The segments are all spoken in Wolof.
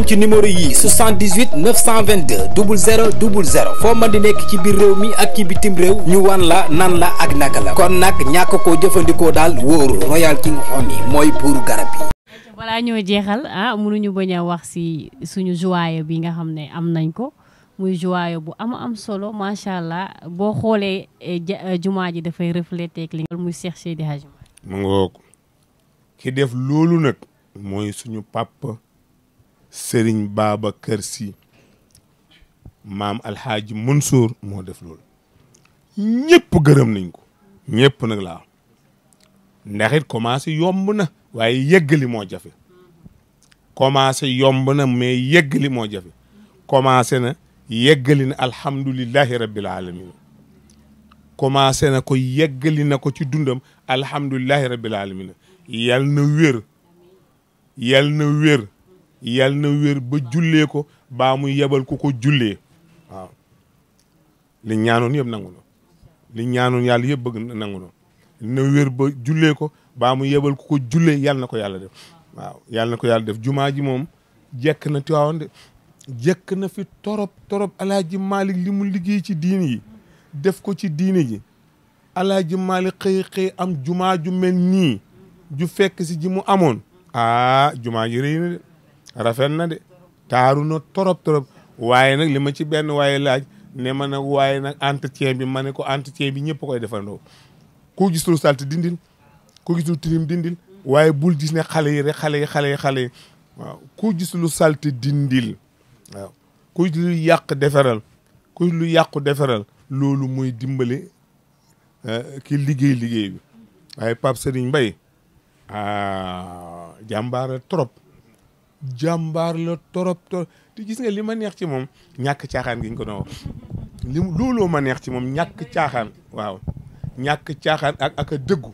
moom ci numéro yii 78 922 00 00 foo mën di nekk ci biir réew mi ak ci bitim réew ñu wan la nan la ak naka kon nag ñàkk koo jëfandikoo daal wóoru Royal King mooy buuru balaa ñoo jeexal ah mënuñu bañ a wax si suñu joie bi nga xam ne am nañ ko muy joie bu am am solo macha allah boo xoolee eh, eh, jumaa ji dafay refléter ak li nga muy Cheikh Seydi suñu papa. sëriñ Babacar Sy maam alxaaji Mansour moo def loolu ñëpp gërëm nañ ko ñëpp nag laa ndax it commencé yomb na waaye yëggali moo jafe commencé yomb na mais yëggali moo jafe commencé na yëggali na alhamdulillahi rabbil alamin commencé na ko yëggali na ko ci dundam alhamdulillahi rabbil alamin yal na wér yal na wér yal na wér ba jullee ko baa mu yebal ku ko jullee waaw li ñaanoon yëpp nangu na li ñaanoon yàlla yëpp bëgg na na wér ba jullee ko baa mu yebal ku ko jullee yal na ko yàlla def waaw ko yàlla def jumaa ji moom jekk na Tiwaawan de na fi torop torop alaaji Maalik li mu liggéey ci diini yi def ko ci diini ji alaaji Maalik xëy xëy am jumaa ju mel nii ju fekk si ji mu amoon ah jumaa ji rëy de rafet na de taaru na torop torop waaye nag li ma ci benn waaye laaj ne ma nag waaye nag entretien bi ma ne ko entretien bi ñëpp koy defandoo ku gisul salt dindil ku tilim dindil waaye bul gis ne xale yi rek xale yi xale yi xale yi waaw ku gis lu salte dindil ku lu yàq defaral ku lu yàqu defaral loolu mooy dimbale eh, ki liggéey liggéey bi waaye Pape Serigne Mbaye ah jàmbaara trop jàmbaar la torop torop te gis nga li ma neex ci moom ñàkk caaxaan gi ko doon wax li ma neex ci moom ñàkk caaxaan waaw ñàkk caaxaan ak ak a dëggu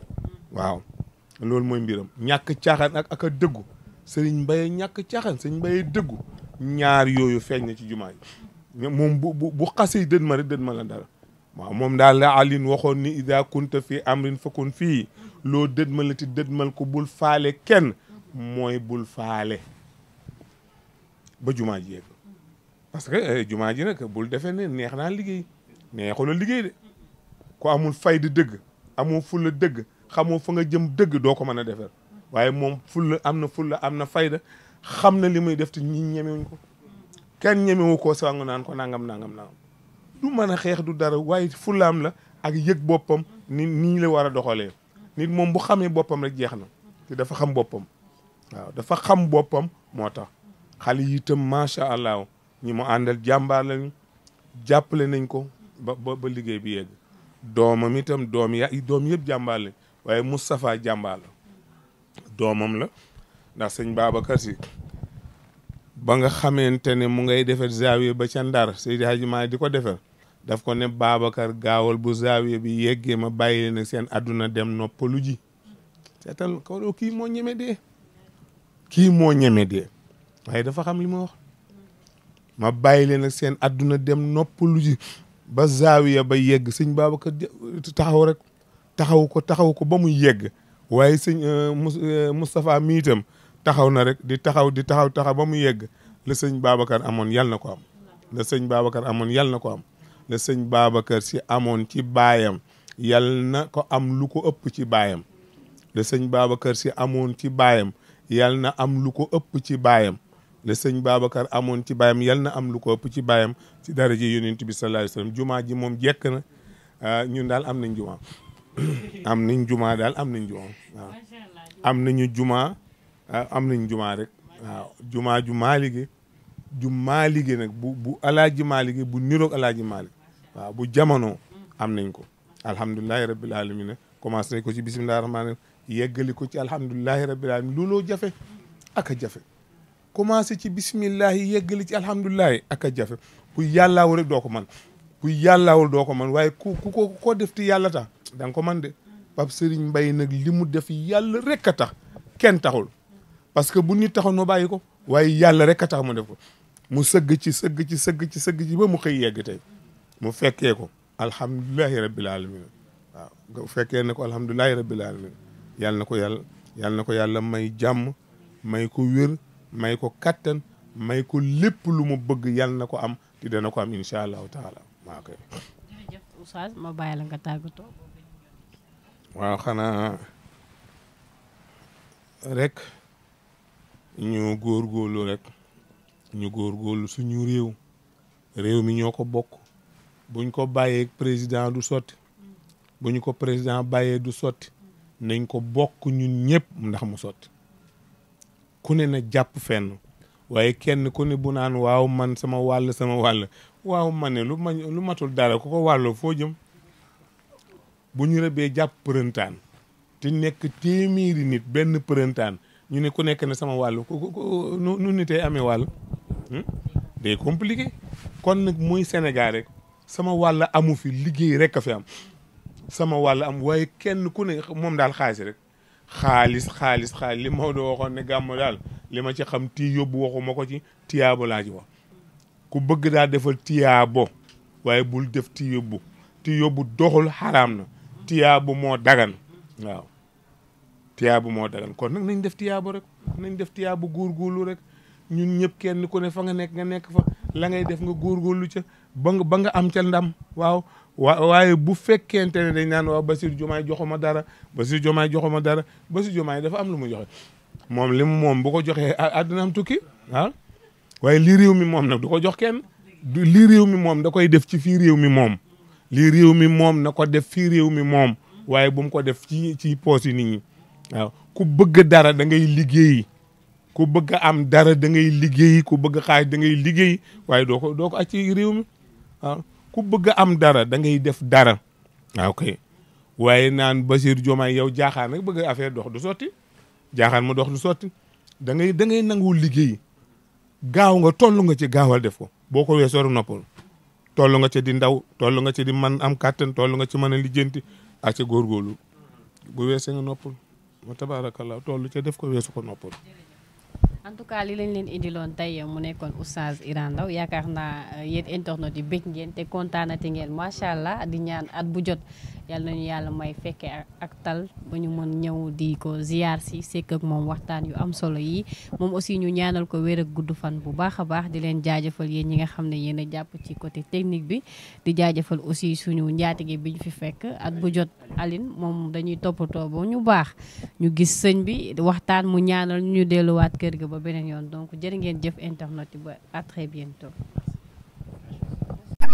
waaw loolu mooy mbiram ñàkk caaxaan ak ak a dëggu sëriñ Mbaye ñàkk caaxaan sëriñ Mbaye dëggu ñaar yooyu feeñ na ci jumaa yi moom bu bu bu xasee dëd ma rek ma la dara moom daal la alin waxoon ni ida kunta fii amrin fakun fii loo dëdmal la ti dëdmal ko bul faale kenn mooy bul faale ba jumaa ji yegg parce que eh, jumaa ji nag bul defee ne neex naa liggéey neexu la liggéey de ku amul fayda dëgg amu fulla dëgg xamoo fa nga jëm dëgg doo ko mën a defar waaye moom fulla am na fulla am na fayda xam na li muy def te ñi ñemewuñ ko kenn ñemewu koo sangu naan ko nangam nangam nangam du mën a xeex du dara waaye am la ak yëg boppam ni nii la war a doxalee nit moom bu xamee boppam rek jeex na te dafa xam boppam waaw dafa xam boppam moo tax xale yi itam macha ñi mu àndal jàmbaar lañu jàppale nañ ko ba ba liggéey bi yegg doomam itam doom ya doom yëpp jàmbaar waaye Moustapha jàmbaar la doomam la ndax sëñ Babacar Si ba nga xamante ne mu ngay defar zaawiya ba ca Ndar Seydi Hadji di ko defar daf ko ne Babacar gaawal bu zaawiya bi yeggee ma bàyyi seen àdduna dem noppalu ji seetal ko kii moo ñeme dee kii moo ñeme dee waaye dafa xam li ma wax ma bàyyi leen ak seen adduna dem noppalu ji ba zaawiya ba yegg sëñ Babacar taxaw rek taxaw ko taxaw ko ba mu yegg waaye sëñ euh, euh, Moustapha mi itam taxaw na rek di taxaw di taxaw taxaw ba mu yegg la sëñ Babacar amoon yal na ko am la sëñ Babacar amoon yàlla na ko am la si amoon ci baayam yàlla na ko am lu ko ëpp ci baayam la sëñ Babacar si amoon ci baayam yàlla na am lu ko ëpp ci baayam la sëñ Babacar amoon ci baayam yal na am lu ko ci baayam ci daraja yonent bi sallallahu alayhi wasallam jumaa ji moom jekk na ah, ñun daal am nañ jumaa am nañ jumaa daal am nañ jumaa waaw am nañu jumaa ah, am nañ jumaa rek waaw jumaa ju maalige ju maalige nag bu bu alaaji maalige bu niroog alaaji maalig waaw bu jamono am nañ ko alhamdulilahi rabbil alamin commencé nañ ko ci bisimilahi rahmaani ko ci alhamdulilahi rabbil alamin looloo jafe ak jafe commencé ci bisimillahi yeggali ci alhamdulilahi ak jafe bu yàllaawul rek doo ko man bu yàllaawul doo ko man waaye ku ku ko koo def ti yàlla ta da ko man de Pape Serigne Mbaye nag li mu def yàlla rek a tax kenn taxul parce que bu nit taxoon ma bàyyi ko waaye yàlla rek a tax mu def ko mu sëgg ci sëgg ci sëgg ci sëgg ci ba mu xëy yegg tey mu fekkee ko alhamdulilahi rabbil alamin waaw bu fekkee ne ko alhamdulilahi rabbil alamin yàlla na ko yàlla yàlla na ko yàlla may jàmm may ko wér may ko kattan may ko lépp lu mu bëgg yàlla na ko am te dana ko am incha allahu taala maa koy. jërëjëf Oustaz ma bàyyi la nga tàggatoo. waaw xanaa rek ñu góorgóorlu rek ñu góorgóorlu suñu réew réew mi ñoo ko bokk buñ ko bàyyee président du sotti buñ ko président bàyyee du sotti nañ ko bokk ñun ñëpp ndax mu sotti. ku ne na jàpp fenn waaye kenn ku ne bu naan waaw man sama wàll sama wàll waaw ma ne lu ma lu matul dara ko ko wàlloo foo jëm bu ñu rëbbee jàpp përëntaan te nekk téeméeri nit benn përëntaan ñu ne ku nekk ne sama wàll ku ku nu nitee amee wàll hmm? day compliqué kon nag muy Sénégal rek sama wàll amu fi liggéey rek a fi am sama wàll am waaye kenn ku ne moom daal xaalis rek xaalis xaalis xaalis li Maodo waxoon ne gàmm daal li ma ci xam tii yóbbu waxuma ko ci tiyaabo laa ci wa ku bëgg daal defal tiyaabo waaye bul def tii yóbbu ti yóbbu doxul xaraam na tiyaabo mo dagan waaw tiyaabo moo dagan kon nag nañ def tiyaabo rek nañ def tiyaabo góorgóorlu rek ñun ñëpp kenn ku ne fa nga nekk nga nekk fa la ngay def nga góorgóorlu ca ba nga ba nga am ca ndam waaw waa waaye bu fekkente ne dañ naan waaw Basir Diomaye joxuma dara Basir Diomaye joxuma dara Basir Diomaye dafa am lu mu joxe moom li moom bu ko joxee àdduna am tukki waaye lii réew mi moom nag du ko jox kenn lii réew mi moom da koy def ci fii réew mi moom lii réew mi moom na ko def fii réew mi moom waaye bu mu ko def ci ci poos yi nit ñi waaw ku bëgg dara da ngay liggéey ku bëgg a am dara da ngay liggéey ku bëgg xaalis da ngay liggéey waaye doo ko doo ko ak ci réew mi ku bëgg am dara da ngay def dara waaw kay waaye naan Basir Diomaye yow jaaxaan rek bëgg affaire dox du sotti jaaxaan mu dox du sotti da ngay da nangu liggéey gaaw nga toll nga ci gaawal def ko boo ko weesoo rek noppal nga ci di ndaw toll nga ci di man am kàttan toll nga ci mën a lijjanti ak ca góorgóorlu bu weesee nga noppal wa tabaarakallaa toll ca def ko weesu ko noppal en tout cas li lañ leen indiloon tey mu nekkoon oustaz Iran Ndao yaakaar naa euh, yéen internet yi bëgg ngeen te kontaanati ngeen macha allah di ñaan at bu jot yàlla nañu yàlla may fekkee ak tal ba ñu mën ñëw di ko ziar si sekk ak moom waxtaan yu am solo yi moom aussi ñu ñaanal ko wér ak gudd fan bu baax a baax di leen jaajëfal yéen ñi nga xam ne yéen jàpp ci côté technique bi di jaajëfal aussi suñu njaatige bi ñu fi fekk at bu jot alin moom dañuy toppatoo ba ñu baax ñu kër ga beneen yoon donc jërë ngeen jëf internet ba à très bientôt